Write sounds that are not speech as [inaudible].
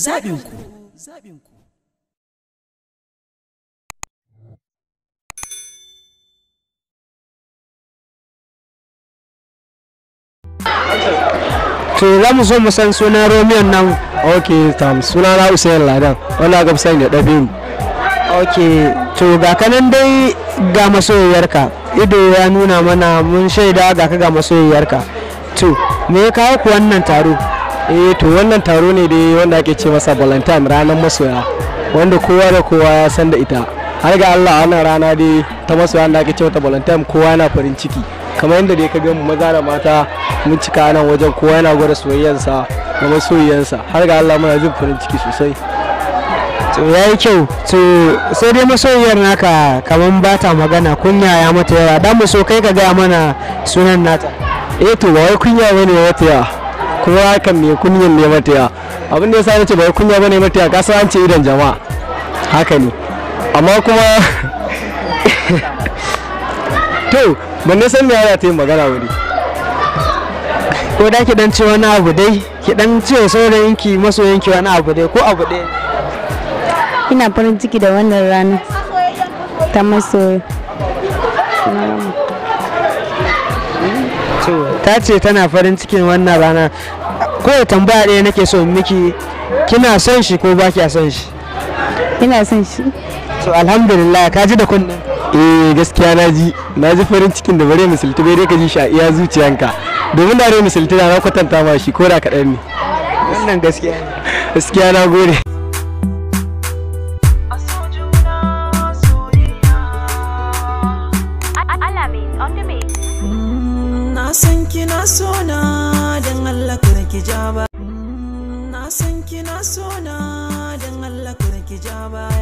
zaɓinku. to za mu so mu san sunan romeo nan ok tam suna na usain ladan wanda ga sani da ɗabiru ok to ga kanan dai ga masoyiyarka ido ya nuna mana mun shaida ga ka ga masoyiyarka to me ya kawo ku wannan taro eh to wannan taro ne dai wanda ake ce masa valentine ranar masoya wanda kowa da kowa ya san da ita har ga allah wannan rana dai ta masoya da ake ce mata valentine kowa yana farin ciki kamar yadda dai ka ga mu maza da mata mun cika nan wajen kowa yana gwada soyayyansa da masoyiyansa har ga allah muna jin farin ciki sosai to ya yi kyau to sai dai masoyiyar naka kamar ba ta magana kunya ya mata yawa dan mu so kai ka gaya mana sunan nata eh to ba wai kunya bane wata yawa kowa kan me kunyan ne mataya abin da yasa nace ba kunya bane mataya ka san an ce idan jama'a haka ne amma kuma [laughs] to ban ne san me ya ta yin magana wuri ko da ki dan ce wani abu dai ki dan ce saurayin ki masoyin ki wani abu dai ko abu dai ina farin ciki da wannan rana ta masoyi to ta ce tana farin cikin wannan rana ko tambaya ɗaya nake so miki kina son shi ko ba kiya son shi ina son shi to alhamdulillah ka ji da kunnen eh gaskiya na ji na ji farin cikin da bare misalti bai dai ka ji shi a iya zuciyanka domin da rai misalti da na kwatanta ma shi ko da kaɗan ne wannan gaskiya gaskiya na gode san kina sona da Allah karki ja ba mm, na san kina sona dan Allah karki ja baya